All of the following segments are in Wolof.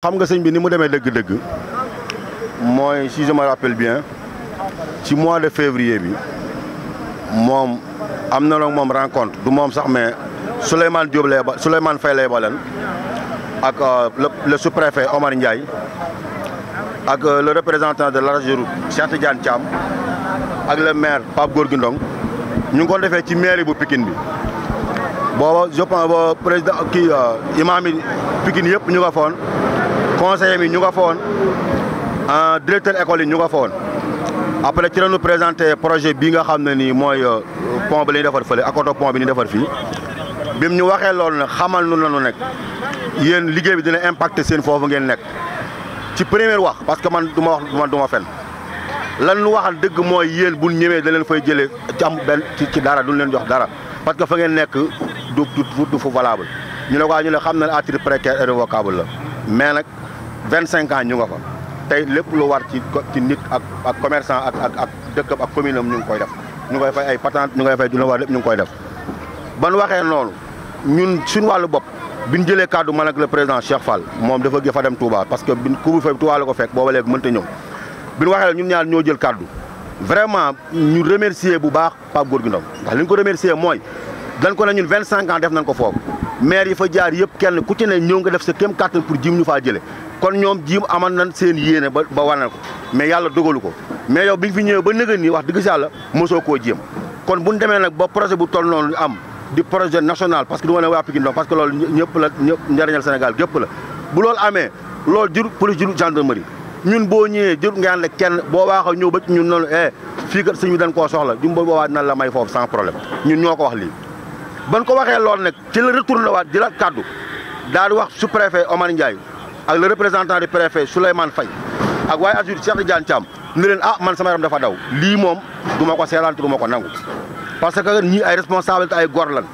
xam nga sëñ bi ni mu demee dëgg-dëgg mooy si bien ci mois de février bi moom am na loog moom rencontre du moom sax mais Souleymane Diop lay ba Souleymane Faye lay balan ak euh, le sous-préfet Omar Ndiaye ak euh, le représentant de l'AGEROUTE Cheikh Tidiane Thiam ak le maire Pape Gorgui ñu ngi ko defee ci mairie bu Pikine bi booba je pense président kii euh, imaam yi Pikine yëpp ñu nga conseillers yi ñu nga foon euh, directeur école yi ñu nga woon après ci la ñu présenté projet bii nga xam ne nii mooy euh, pont bi la ñuy defar fële ak oto pont bi ñu defar fii bim ñu waxee loolu nag xamal nu la ñu nekk yéen liggéey bi dina impacter seen foofu ngeen nekk ci première wax parce que man du ma wax man du fen lan nu waxal dëgg mooy yéen bu ñëwee da leen fay jëlee ci ci dara du leen jox dara parce que fa ngeen nekk du du du fu valable ñu ne waaye ñu ne xam na ne à titre précaire la mais vingt ans ñu nga fa tey lépp lu war ci ci nit ak ak commerçant ak ak ak dëkkam ak commune am ñu ngi koy def ñu koy fay ay patente ñu ngi koy fay du la war lépp ñu koy def. ban waxee noonu ñun suñu wàllu bopp bi ñu jëlee kàddu man ak le président Cheikh Fall moom dafa dafa dem Touba parce que biñ couvre-feu Touba la ko fekk booba léegi mënta ñëw bi ñu waxee ñun ñaar ñoo jël kàddu vraiment ñu remercier bu baax Pape Gorgui Ndong ndax li ñu ko remercier mooy dañ ko na ñun 25 ans def nañ ko foofu maire yi fa jaar yëpp kenn ku ci ne ñëw def sa kéem pour ñu faa jëlee kon ñom jim amal nañ seen yene ba wanal ko mais yalla dogalu ko mais yow biñ fi ñëwee ba nëgën nii wax deug yalla yàlla ko jim kon buñ démé nak ba projet bu toll non am di projet national parce que du ma wa waa Pikine doon parce que lool ñëpp la ñëpp njëriñal Sénégal gépp la bu lool amé lool jur police jur gendarmerie ñun bo ñëwee jur nga ànd kenn bo waaxoo ñëw ba ñun non eh fi kat señu dañ ko soxla jum bo boobaa na la may fofu sans problème ñun ñoko wax li ban ko waxé lool nak ci la retourné waat la cadeau daal wax sous préfet Omar Ndiaye ak le représentant du préfet Souleymane Faye ak way adjoint Cheikh Diane Cham ni leen ah man sama yaram dafa daw li mom duma ko sélante duma ko nangou parce que ñi ay responsabilité ay gor lan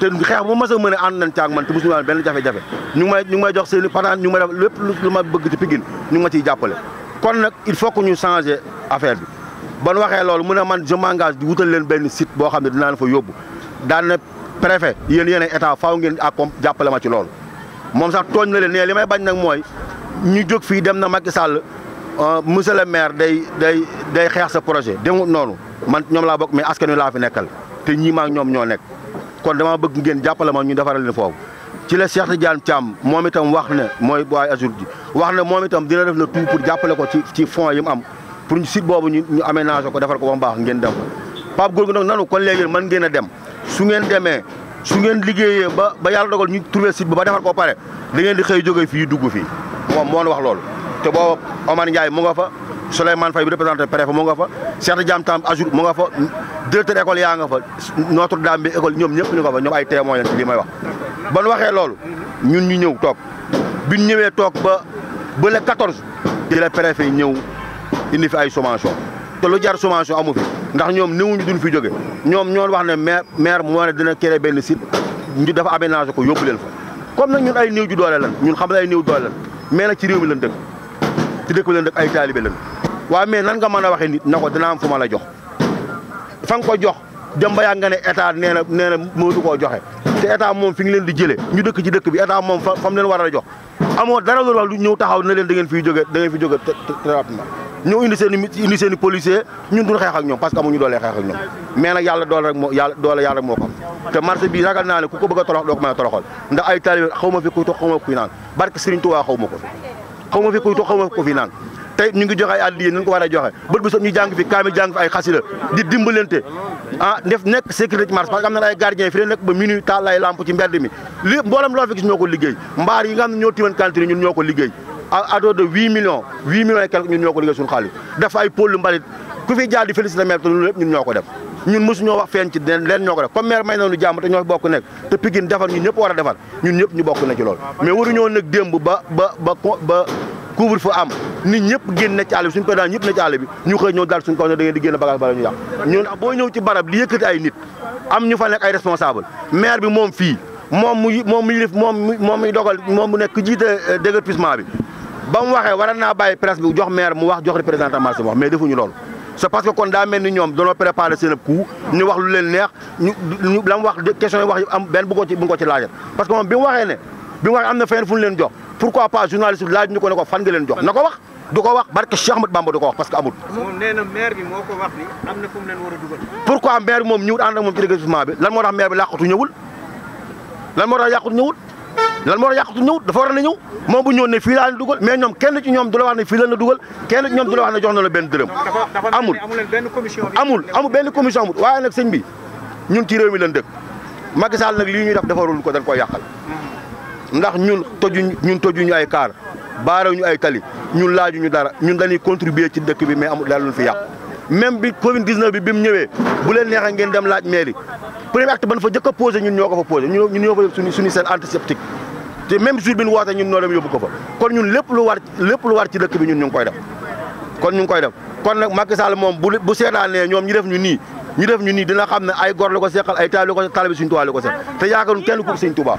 te xex bu ma sa a and nañ ci ak caag man te mosuñu ben jafé jafé ñu may ñu may jox seen i parents ñu may def lépp lu ma bëgg ci pigine ñu ma ci jappalé kon nak il faut que ñu changer affaire bi ban waxé lool mu man je m'engage di wutal leen ben site bo xamné dina la fa yobbu dal na préfet yeen yeen état faaw ngeen akom jappalé ma ci lool mom sax togn na le ne limay bañ nak moy ñu jog fi dem na Macky Sall euh, monsieur le maire day day day xeex sa projet demut nonu man ñom la bok mais askan la fi nekkal te ñii maak ñom ño nek kon dama bëgg ngeen jàppale ma ñu defaral leen fofu ci la Cheikh Tidiane cham moom itam wax na moy boy Azur wax na moom itam dina def le tout pour jàppale ko ci ci fonds yi mu am pour site boobu ñu ñu aménager ko defar ko ba baax ngeen dem Pape Gorgui nak nanu kon léegi man ngeen dem su ngeen demee. su ngeen liggéeyee ba ba yàlla dogal ñu trouvé site bi ba defar ko pare da ngeen di xëy jógee fii dugg fi moom moo wax loolu. te boobu Omar Ndiaye mu nga fa Souleymane Faye bi représenté préfet mu nga fa Cheikh Diam Tam Ajour mu nga fa directeur école yaa nga fa Notre Dame bi école ñoom ñëpp ñu nga fa ñoom ay témoins lañ ci li may wax. ba nu waxee loolu ñun ñu ñëw toog bi ñu ñëwee toog ba ba le 14 di la préfet ñëw indi fi ay sommation te lu jar sommation amu fi. ndax ñoom néewuñu duñ fi jóge ñoom ñoo wax ne maire maire moo ne dina créer benn site ñu dafa aménagé ko yóbbu leen fa comme nag ñun ay néew ju doole lan ñun xam ne ay néew doole lan mais na ci réew mi lan dëkk ci dëkk bi lan dëkk ay taalibe lan waaw mais nan nga mën a waxee nit na ko dina am fu ma la jox fa nga ko jox dem ba yàgg nga nee na nee na mënatu koo joxe te état moom fi ngi leen di jëlee ñu dëkk ci dëkk bi état moom fa mu leen war a jox amoo dara loolu wax lu ñëw taxaw na leen da ngeen fiy jóge da ngeen fi jóge très rapidement ñoo indi seen i indi seen i policier ñun duñ xeex ñoom parce que amuñu doole xeex ak ñoom mais nag yàlla doole rek rek moo ko te marché bi ragal naa ku ko bëgg a torox doo ko mën a toroxal ndax ay taalibe xaw ma fi kuy toog xaw ma kuy naan barke Serigne ma fi ko fi naan tey ñu ngi joxe ay addiya ñu ko war a joxe bët bi sot ñu jàng fi kaamil jàng fi ay xasida di dimbalante ah, nekk sécurité ci parce que am na ay gardien fi leen ba minuit taal ay lamp ci mbedd mi li mboolem ñoo ko liggéey à hauteur de huit millions huit millions et quelques ñun ñoo ko liggéey suñu xaalis def ay pôle ñoo ko def ñun mosuñoo wax feeñ ci leen leen ñoo ko def comme maire may nañu jàmm te ñoo bokk nekk te Pikine defar ñun ñëpp war a defar ñun ñëpp ñu bokk na ci nit ñëpp génn na ci àll bi suñu ñëpp na ci bi ñu xëy ñëw daal suñu kaw ne da ngeen di génn bagage bala ñu yàq ñun boo ñëw ci barab li yëkkati ay nit am ñu fa nekk ay responsable maire bi moom fii moom mu moom mu yilif moom moom muy dogal moom mu nekk jiite euh, déguerpissement bi ba mu waxee waroon naa bàyyi presse jox maire mu wax jox représentant marché mu wax mais defuñu loolu c'est parce que kon daa mel ni ñoom dañoo préparé seen coup ñu wax lu leen neex ñu wax question yi wax am benn bu ci bu parce que moom bi mu ne bi mu am na fenn fu leen jox pourquoi pas journaliste bi laaj ñu ko ne ko fan nga leen jox na ko wax du wax barke Cheikh Ahmed Bamba du ko wax parce que amul. moom nee na moom ñëwul ànd moom ci lan mo moo yàqatu ñëw dafa war a ñëw mo bu ñew ne fi la dugal mais ñom kenn ci ñom du la wax ne fi la na dugal kenn ci ñom du la wax ne jox na la ben deureum amul amul amul ben commission amul waye nak sëñ bi ñun ci rew mi lan dëkk Macky Sall nak li ñuy def defarul ko dañ ko yàqal ndax ñun toju ñun toju ñu ay baaraw ñu ay tali ñun laaju ñu dara ñun dañuy contribuer ci dëkk bi mais amul dara lu fi yàq même bi Covid 19 bi bimu ñewé bu leen neexee ngeen dem laaj mairie premier acte ban fa jëkk a ñun ñoo ko fa posé ñun ñoo fa yóbbu suñu suñu seen antiseptique te même jour bi ñu ñun noo dem yóbbu ko fa kon ñun lépp lu war lépp lu war ci dëkk bi ñun ñu ngi koy def kon ñu ngi koy def kon nag Macky Sall moom bu bu seetaanee ñoom ñu def ñu nii ñu def ñu nii dina xam ne ay gor la ko seqal ay taal la ko seqal taal bi suñu Tuubaa la kenn ku Sëñ Tuubaa